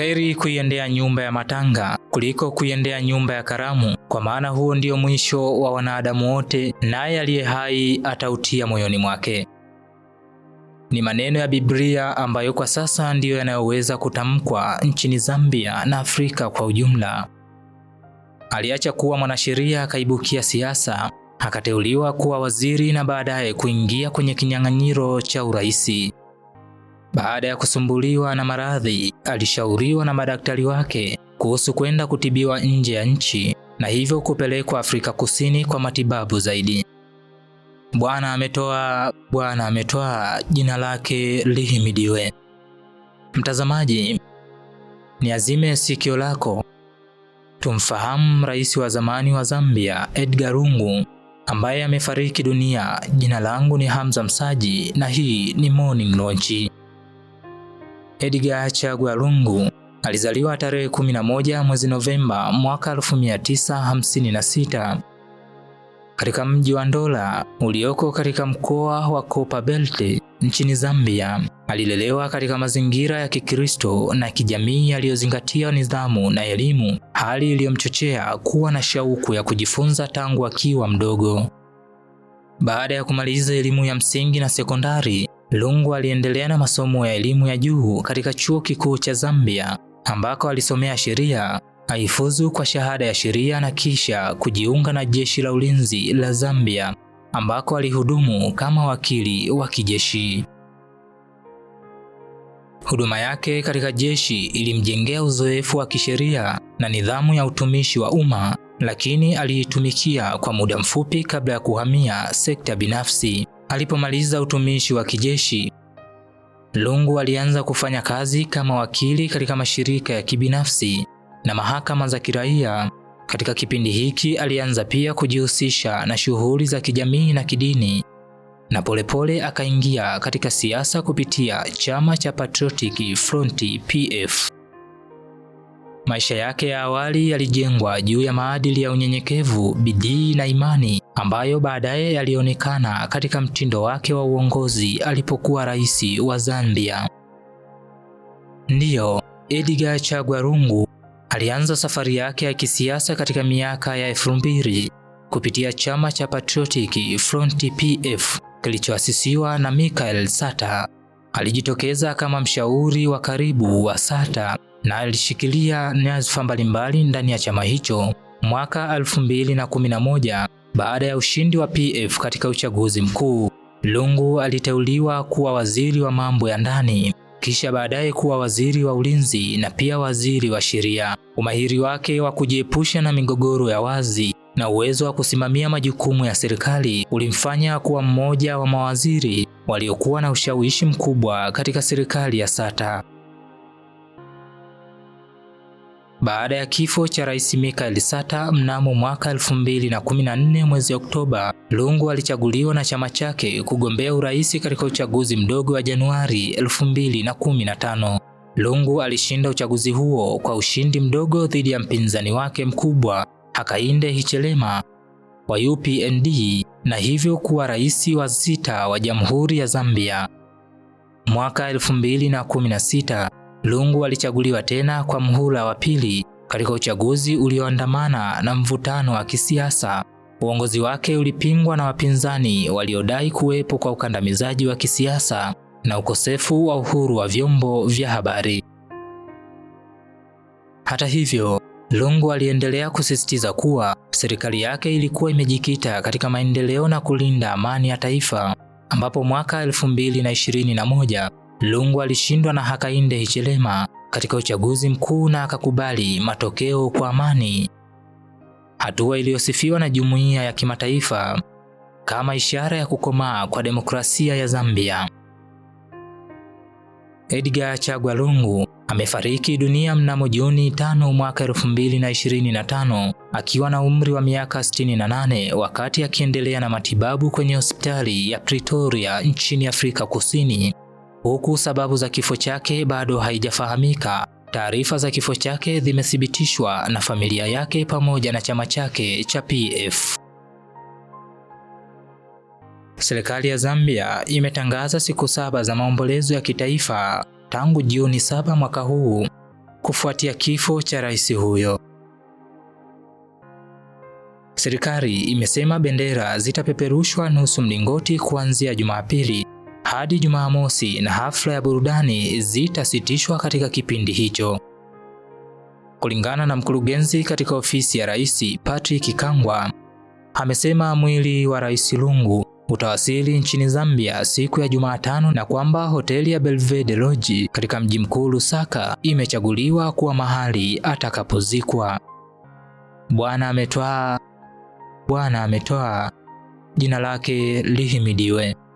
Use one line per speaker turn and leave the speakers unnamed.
heri kuiendea nyumba ya matanga kuliko kuiendea nyumba ya karamu, kwa maana huo ndio mwisho wa wanadamu wote, naye aliye hai atautia moyoni mwake. Ni maneno ya Biblia ambayo kwa sasa ndiyo yanayoweza kutamkwa nchini Zambia na Afrika kwa ujumla. Aliacha kuwa mwanasheria akaibukia siasa, akateuliwa kuwa waziri na baadaye kuingia kwenye kinyang'anyiro cha uraisi. Baada ya kusumbuliwa na maradhi, alishauriwa na madaktari wake kuhusu kwenda kutibiwa nje ya nchi na hivyo kupelekwa Afrika Kusini kwa matibabu zaidi. Bwana ametoa, Bwana ametoa, jina lake lihimidiwe. Mtazamaji, niazime sikio lako tumfahamu rais wa zamani wa Zambia Edgar Lungu ambaye amefariki dunia. Jina langu ni Hamza Msaji na hii ni Morning Lounge. Edgar Chagwa Lungu alizaliwa tarehe 11 mwezi Novemba mwaka 1956 katika mji wa Ndola ulioko katika mkoa wa Belt nchini Zambia. Alilelewa katika mazingira ya Kikristo na kijamii yaliyozingatia nidhamu na elimu, hali iliyomchochea kuwa na shauku ya kujifunza tangu akiwa mdogo. Baada ya kumaliza elimu ya msingi na sekondari, Lungu aliendelea na masomo ya elimu ya juu katika chuo kikuu cha Zambia ambako alisomea sheria, aifuzu kwa shahada ya sheria na kisha kujiunga na jeshi la ulinzi la Zambia ambako alihudumu kama wakili wa kijeshi. Huduma yake katika jeshi ilimjengea uzoefu wa kisheria na nidhamu ya utumishi wa umma, lakini aliitumikia kwa muda mfupi kabla ya kuhamia sekta binafsi. Alipomaliza utumishi wa kijeshi, Lungu alianza kufanya kazi kama wakili katika mashirika ya kibinafsi na mahakama za kiraia. Katika kipindi hiki alianza pia kujihusisha na shughuli za kijamii na kidini na polepole akaingia katika siasa kupitia chama cha Patriotic Front PF. Maisha yake ya awali yalijengwa juu ya maadili ya unyenyekevu, bidii na imani ambayo baadaye yalionekana katika mtindo wake wa uongozi alipokuwa rais wa Zambia. Ndiyo, Edgar Chagwa Lungu alianza safari yake ya kisiasa katika miaka ya 2000 kupitia chama cha Patriotic Front PF kilichoasisiwa na Michael Sata. Alijitokeza kama mshauri wa karibu wa Sata na alishikilia nyadhifa mbalimbali ndani ya chama hicho mwaka 2011. Baada ya ushindi wa PF katika uchaguzi mkuu, Lungu aliteuliwa kuwa waziri wa mambo ya ndani, kisha baadaye kuwa waziri wa ulinzi na pia waziri wa sheria. Umahiri wake wa kujiepusha na migogoro ya wazi na uwezo wa kusimamia majukumu ya serikali ulimfanya kuwa mmoja wa mawaziri waliokuwa na ushawishi mkubwa katika serikali ya Sata baada ya kifo cha Rais Mikael Sata mnamo mwaka 2014 mwezi Oktoba, Lungu alichaguliwa na chama chake kugombea urais katika uchaguzi mdogo wa Januari 2015. Lungu alishinda uchaguzi huo kwa ushindi mdogo dhidi ya mpinzani wake mkubwa Hakainde Hichilema wa UPND na hivyo kuwa rais wa sita wa Jamhuri ya Zambia. Mwaka 2016 Lungu alichaguliwa tena kwa mhula wa pili katika uchaguzi ulioandamana na mvutano wa kisiasa. Uongozi wake ulipingwa na wapinzani waliodai kuwepo kwa ukandamizaji wa kisiasa na ukosefu wa uhuru wa vyombo vya habari. Hata hivyo, Lungu aliendelea kusisitiza kuwa serikali yake ilikuwa imejikita katika maendeleo na kulinda amani ya taifa, ambapo mwaka 2021 Lungu alishindwa na Hakainde Hichilema katika uchaguzi mkuu na akakubali matokeo kwa amani, hatua iliyosifiwa na jumuiya ya kimataifa kama ishara ya kukomaa kwa demokrasia ya Zambia. Edgar Chagwa Lungu amefariki dunia mnamo Juni 5 mwaka 2025 akiwa na umri wa miaka 68 wakati akiendelea na matibabu kwenye hospitali ya Pretoria nchini Afrika Kusini huku sababu za kifo chake bado haijafahamika. Taarifa za kifo chake zimethibitishwa na familia yake pamoja na chama chake cha PF. Serikali ya Zambia imetangaza siku saba za maombolezo ya kitaifa tangu Juni saba mwaka huu kufuatia kifo cha rais huyo. Serikali imesema bendera zitapeperushwa nusu mlingoti kuanzia Jumapili hadi Jumamosi na hafla ya burudani zitasitishwa katika kipindi hicho. Kulingana na mkurugenzi katika ofisi ya rais Patrick Kangwa, amesema mwili wa Rais Lungu utawasili nchini Zambia siku ya Jumatano na kwamba hoteli ya Belvedere Lodge katika mji mkuu Lusaka imechaguliwa kuwa mahali atakapozikwa. Bwana ametwaa, Bwana ametoa, jina lake lihimidiwe.